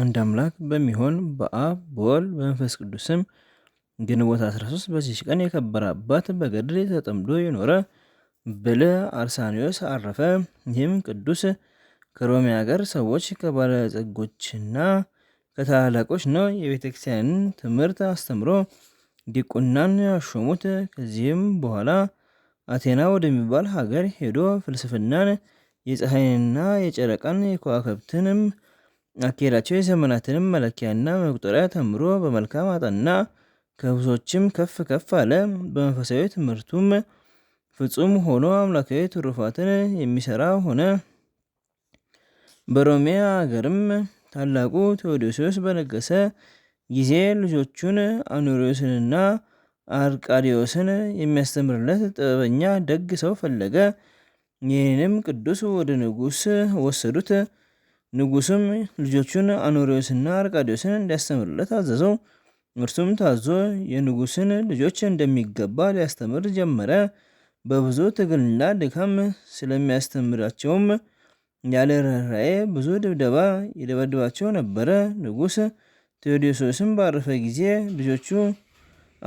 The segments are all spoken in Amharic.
አንድ አምላክ በሚሆን በአብ በወልድ በመንፈስ ቅዱስም ግንቦት 13 በዚች ቀን የከበረ አባት በገድል ተጠምዶ የኖረ ብልህ አርሳኒዮስ አረፈ። ይህም ቅዱስ ከሮሚ ሀገር ሰዎች ከባለጸጎችና ከታላላቆች ነው። የቤተክርስቲያንን ትምህርት አስተምሮ ዲቁናን ያሾሙት። ከዚህም በኋላ አቴና ወደሚባል ሀገር ሄዶ ፍልስፍናን፣ የፀሐይንና የጨረቃን የከዋክብትንም አኬላቸው የዘመናትንም መለኪያና መቁጠሪያ ተምሮ በመልካም አጠና። ከብዙዎችም ከፍ ከፍ አለ። በመንፈሳዊ ትምህርቱም ፍጹም ሆኖ አምላካዊ ትሩፋትን የሚሰራ ሆነ። በሮሜ አገርም ታላቁ ቴዎዶሲዎስ በነገሰ ጊዜ ልጆቹን አኖሪዎስንና አርቃዲዎስን የሚያስተምርለት ጥበበኛ ደግ ሰው ፈለገ። ይህንም ቅዱስ ወደ ንጉሥ ወሰዱት። ንጉስም ልጆቹን አኖሪዎስና አርቃዲዎስን እንዲያስተምርለት አዘዘው። እርሱም ታዞ የንጉስን ልጆች እንደሚገባ ሊያስተምር ጀመረ። በብዙ ትግልና ድካም ስለሚያስተምራቸውም ያለ ርኅራኄ ብዙ ድብደባ ይደበድባቸው ነበረ። ንጉስ ቴዎዶስዮስም ባረፈ ጊዜ ልጆቹ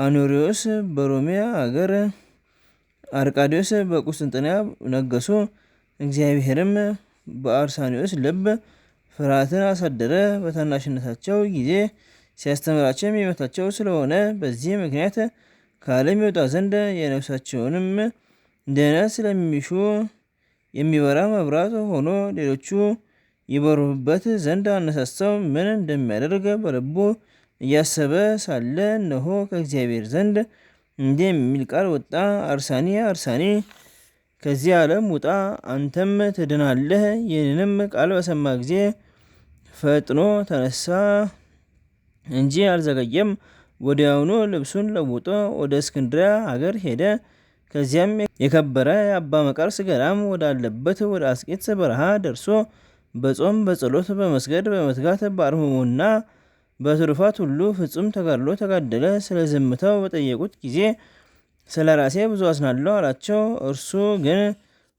አኖሪዎስ በሮሚያ አገር፣ አርቃዲዎስ በቁስጥንጥንያ ነገሱ። እግዚአብሔርም በአርሳኒዎስ ልብ ፍርሃትን አሳደረ። በታናሽነታቸው ጊዜ ሲያስተምራቸው የሚመታቸው ስለሆነ በዚህ ምክንያት ከዓለም ይወጣ ዘንድ የነፍሳቸውንም ድህነት ስለሚሹ የሚበራ መብራት ሆኖ ሌሎቹ ይበሩበት ዘንድ አነሳሳው። ምን እንደሚያደርግ በልቡ እያሰበ ሳለ እነሆ ከእግዚአብሔር ዘንድ እንዲህ የሚል ቃል ወጣ፣ አርሳኒ አርሳኒ ከዚህ ዓለም ውጣ፣ አንተም ትድናለህ። ይህንንም ቃል በሰማ ጊዜ ፈጥኖ ተነሳ እንጂ አልዘገየም። ወዲያውኑ ልብሱን ለውጦ ወደ እስክንድሪያ ሀገር ሄደ። ከዚያም የከበረ የአባ መቃርስ ገዳም ወዳለበት ወደ አስቄት በረሃ ደርሶ በጾም በጸሎት በመስገድ በመትጋት በአርምሞና በትሩፋት ሁሉ ፍጹም ተጋድሎ ተጋደለ። ስለ ዝምታው በጠየቁት ጊዜ ስለ ራሴ ብዙ አዝናለሁ አላቸው። እርሱ ግን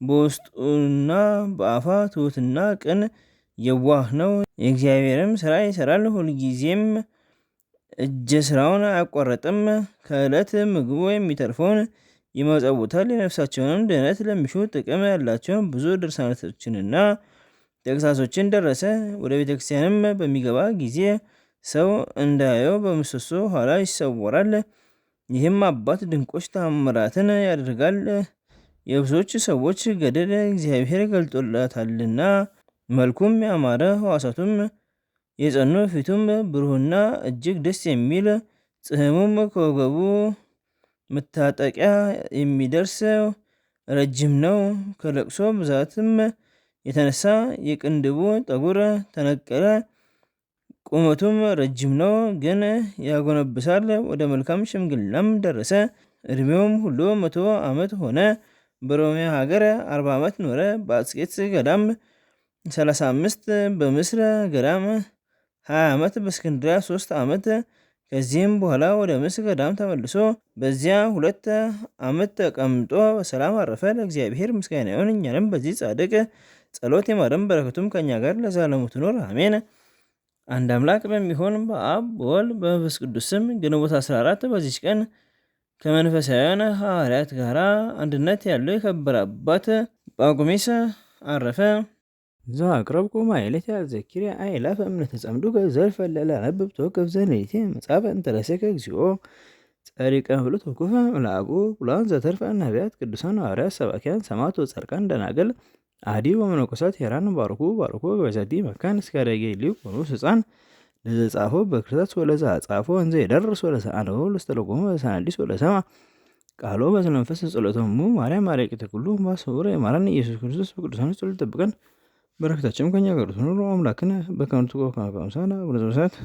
በውስጡና በአፋ ትሑትና ቅን የዋህ ነው፣ የእግዚአብሔርም ስራ ይሰራል፣ ሁልጊዜም እጀ ስራውን አያቋረጥም። ከዕለት ምግቡ የሚተርፈውን ይመጸውታል፣ የነፍሳቸውንም ድህነት ለሚሹ ጥቅም ያላቸውን ብዙ ድርሳነቶችንና ተግሳሶችን ደረሰ። ወደ ቤተክርስቲያንም በሚገባ ጊዜ ሰው እንዳየው በምሰሶ ኋላ ይሰወራል። ይህም አባት ድንቆች ተአምራትን ያደርጋል። የብዙዎች ሰዎች ገደል እግዚአብሔር ገልጦላታልና መልኩም ያማረ ሕዋሳቱም የጸኑ ፊቱም ብሩህና እጅግ ደስ የሚል ጽህሙም ከወገቡ መታጠቂያ የሚደርስ ረጅም ነው። ከለቅሶ ብዛትም የተነሳ የቅንድቡ ጠጉር ተነቀለ። ቁመቱም ረጅም ነው፣ ግን ያጎነብሳል። ወደ መልካም ሽምግልናም ደረሰ። እድሜውም ሁሉ መቶ ዓመት ሆነ። በሮሚያ ሀገር 40 ዓመት ኖረ። በአስቄጥስ ገዳም 35 አምስት በምስር ገዳም 20 ዓመት በእስክንድሪያ ሶስት ዓመት ከዚህም በኋላ ወደ ምስር ገዳም ተመልሶ በዚያ ሁለት ዓመት ተቀምጦ በሰላም አረፈ። ለእግዚአብሔር ምስጋና ይሁን፣ እኛንም በዚህ ጻድቅ ጸሎት ይማረን፣ በረከቱም ከእኛ ጋር ለዘላለሙ ትኖር አሜን። አንድ አምላክ በሚሆን በአብ በወልድ በመንፈስ ቅዱስ ስም ግንቦት 14 በዚች ቀን ከመንፈሳውያን ሐዋርያት ጋር አንድነት ያለው የከበረ አባት ጳኩሚስ አረፈ። ዛ አቅረብኩ ማይሌት ያዘኪሪ አይላፍ እምነት ተጸምዱ ገዘር ፈለለ ነብብቶ ከብዘን ሌቴ እግዚኦ ጻድቃን ብሎ ተኩፈ መልአኩ ቁላን ዘተርፈ ነቢያት ቅዱሳን ሐዋርያት ሰባኪያን ሰማዕት ወጻድቃን ደናግል አዲ ወመነኮሳት ሄራን ባርኩ ባርኩ በዛቲ መካን እስካደገ ሊቅ ሆኖ ስፃን ለዘጻፎ በክርታት ወለዛ ጻፎ እንዘ ይደርስ ወለዛ አነው ለስተለቆሙ ወለሳንዲስ ወለሰማ ቃሎ በስመ መንፈስ ጸሎቶሙ ማርያም ማረቂ ተኩሉ ማስውረ የማረን ኢየሱስ ክርስቶስ በቅዱሳን ጸሎት ይጠብቀን። በረከታቸውም ከኛ ጋር ትኑር። አምላክን በከንቱ ከመካምሳና ወለዘመሳት